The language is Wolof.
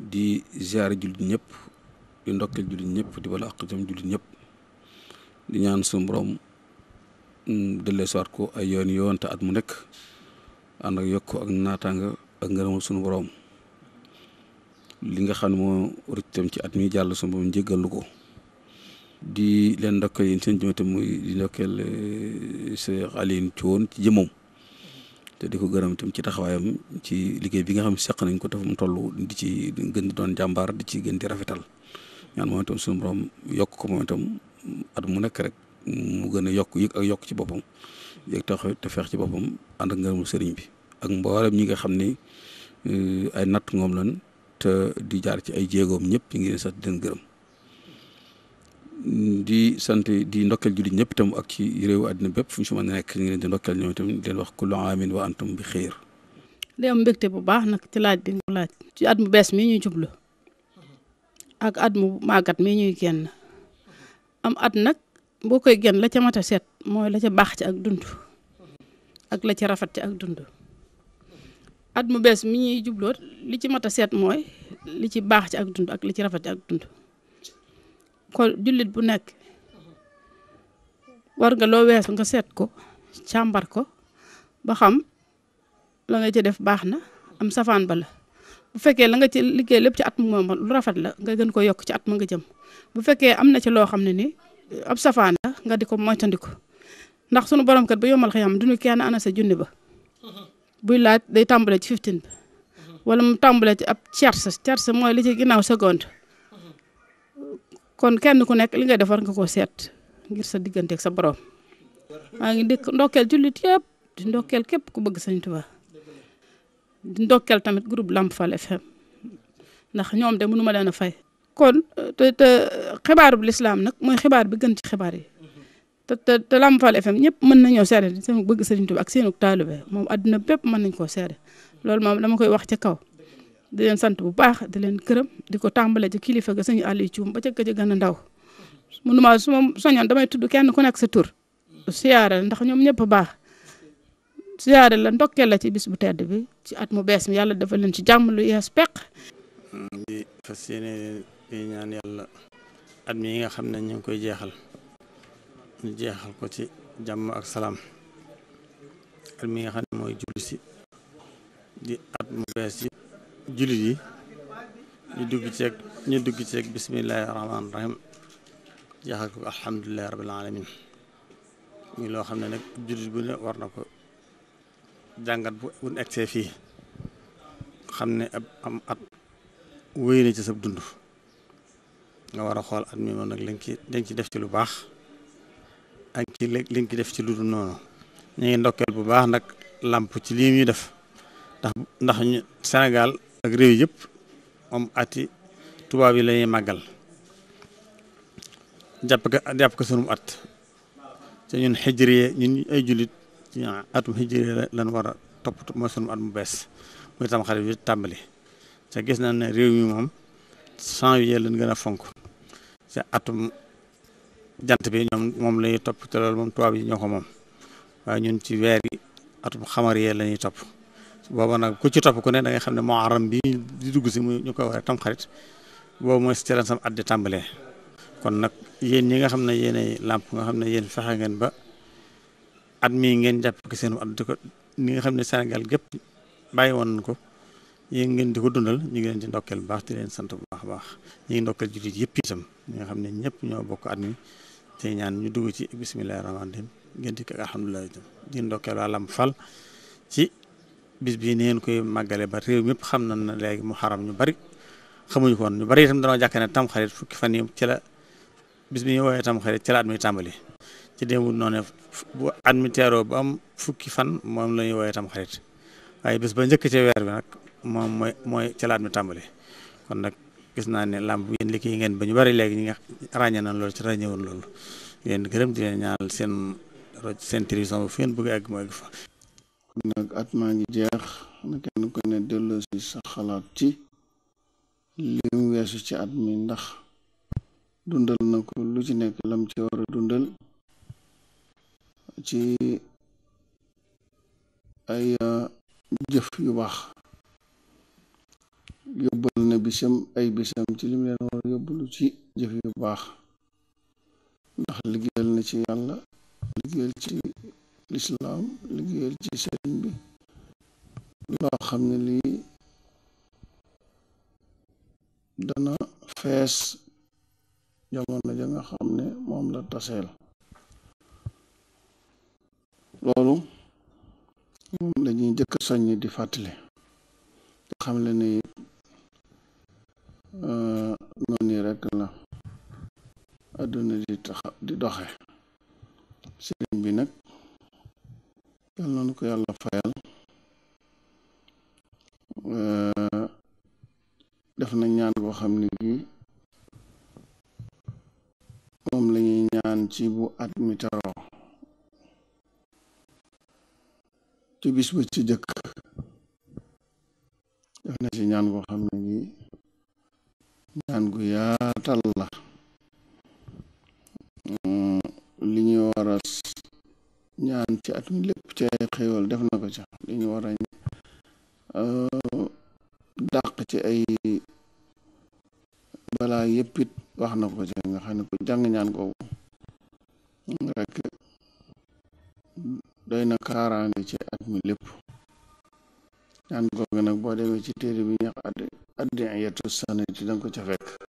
di ziare jullit ñëpp di ndokkeel jullit ñëpp di bala àq jëm jullit ñëpp di ñaan suñu borom mm, dëllee sowaat ko ay yoon yoon te at mu nekk ànd ak yokk ak naataanga ak ngërëmal suñu borom li nga xam ne moo rëcc tam ci at mi jàll suñu borom jéggalu ko di leen ndokkeel yéen seen jëmate muy di ndokkeel eh, Cheikh Alioune Thion ci jëmoom te di ko gërëm tam ci taxawaayam ci liggéey bi nga xam ne seq nañ ko te fu mu toll di ci gën di doon jàmbaar di ci gën di rafetal ñaan moom itam suñu borom yokk ko moom itam at mu nekk rek mu gën a yokk yëg ak yokk ci boppam yëg taxaw te feex ci boppam ànd ak ngërëmu sëriñ bi ak mboolem ñi nga xam ni eh, ay natt ngoom lan te di jaar ci ay jéegoom ñëpp ñu ngi leen sax di gërëm di sant di ndokkeel jullit ñëpp itam ak ci réewu àddina bépp fu ñu si mën a nekk ñu ngi leen di ndokkeel ñoom itam di wax kullu aamin wa antum bi xeyr di am mbégte bu baax nag ci laaj bi nga laaj ci at mu bees mi ñuy jublu ak at mu màggat mi ñuy génn am at nag boo koy génn la ca mat a seet mooy la ca baax ci ak dund ak la ca rafet ci ak dund at mu bees li ci mat a mooy li baax ci ak dund li ci rafet ak dund ko jullit bu nek war nga loo wess nga set ko chambar ko ba xam la nga ci def baxna am safan bala bu fekke la nga ci liggéey lepp ci at mu lu rafet la nga gën ko yok ci at ma nga jëm bu fekke am na ci loo xamne ni ab safaan la nga di ko moytandiku ndax sunu borom kat bu yomal xiyam duñu kenn ana sa ba buy laaj day tàmbale ci 15 wala mu tàmbale ci ab tiers tiers moy li ci ginaaw seconde kon kenn ku nekk li ngay defar nga koo seet ngir sa digganteeg sa borom maa ngi dëkk ndokkeel jullit yëpp di képp ku bëgg Sëñ Tuubaa di ndokkeel tamit groupe Lamp Fall FM ndax ñoom de mënu ma leen a fay. kon te te xibaaru bu lislaam nag mooy xibaar bi gën ci xibaar yi te te te Lamp Fall FM ñëpp mën nañoo seede seen bëgg Sëñ Tuubaa ak seenu taalibe moom àdduna bépp mën nañ koo seede loolu moom dama koy wax ci kaw. di leen sant bu baax di leen gërëm di ko tàmbale ci kilifa ga sëñ Aliou Thioum ba ca gëj gën a ndaw mënuma suma ma soñoon damay tudd kenn ku nekk sa tur siyaare ndax ñoom ñëpp baax siyaare la ndokkeel la ci bis bu tedd bi ci at mu bees mi yàlla dafa leen ci jàmm lu yees peq. di fas yéene ñaan yàlla at yi nga xam ne ñu ngi koy jeexal ñu jeexal ko ci jàmm ak salaam at mi nga xam ne mooy jublu di at mu bees jullit yi ñu dugg ceeg ñu dugg ceeg bisimillahi rahmaani rahim jaxal ko alhamdulilahi rabbil alamin muy loo xam ne nag jullit bu ne war na ko jàngat bu buñ egsee fii xam ne ab am at wéy na ci sab dund nga war a xool at mi moom nag li nga ci li ci def ci lu baax ak ci li nga def ci lu dul noonu ñu ngi ndokkeel bu baax nag làmp ci lii ñuy def ndax ndax ñu Sénégal ak réew yëpp moom ati tubaab yi la ñuy màggal jàpp ko jàpp ko sunum at te ñun xijriye ñun ay jullit atum xijriye lan war a topp mooy sunum at mu bees muy tam xarit yu tàmbali te gis na ne réew mi moom janvier lañ gën a fonk te atum jant bi ñoom moom la ñuy topp te loolu moom tubaab yi ñoo ko moom waaye ñun ci weer yi atum xamar yee la ñuy topp booba nag ku ci topp ko ne da xam ne muharram bi di dugg si mu ñu koy waxee tamxarit boobu mooy si ren sam at di tàmbalee kon nag yéen ñi nga xam ne yéenay làmp nga xam ne yéen fexe ngeen ba at mii ngeen jàpp ko seen at di ko ni nga xam ne Sénégal gépp bàyyi woon nañ ko yéen ngeen di ko dundal ñu ngi leen di ndokkeel bu baax te leen sant bu baax baax ñu ngi ndokkeel jullit yëpp itam ñi nga xam ne ñëpp ñoo bokk at mi te ñaan ñu dugg ci bismillahi rahmaani rahim ngeen di ko alhamdulilah itam di ndokkeel waa Lamp Fall bis bii ni ngeen koy màggale ba réew mépp xam nañ ne léegi mu xaram ñu bari xamuñu ko woon ñu bari itam dañoo jàkk ne tamxarit fukki fan yi ci la bis bi ñu woowee tamxarit ci la tàmbali ci démb noonu bu at mi am fukki fan moom la ñuy woowee tamxarit waaye bis ba njëkk ci weer bi nag moom mooy mooy ci la at tàmbali kon nag gis naa ne làmb yéen liggéey ngeen ba ñu bari léegi ñi nga ràññee nañ loolu ci ràññewoon loolu di leen gërëm di seen seen télévision bu fi fa nag at maa ngi jeex na kenn ku ne delloo sa xalaat ci lim weesu ci at mi ndax dundal na ko lu ci nekk lam ci wara a dundal ci ay uh, jëf yu baax yóbbal na bisam ay bisam ci lim leen war yóbbalu ci jëf yu baax ndax liggéeyal na ci yàlla liggéeyal ci l'islam liguel ci sëriñ bi lo xamne li dana fess jamono ja nga xamne mom la tassel lolu mom lañuy jëk soññ di fatalé nga ni euh noni rek la aduna di tax di doxé serigne bi nak yal na nu ko yàlla fayal eh, def na ñaan gi moom lañuy ñaan ci bu at mi taroo ci bis ba ci jëkk def na ci ñaan goo xam gi ñaan gu yaatal la mm, li ñaan ci at mi lépp ci ay xéewal def na ko ca li ñu war a dàq ci ay balaa yëpp it wax na ko ci nga xam ne ku jàng ñaan googu rek doy na kaaraange ci at mi lépp ñaan googu nag boo demee ci téere bi ñax addi addi yetu sanati danga ko ca fekk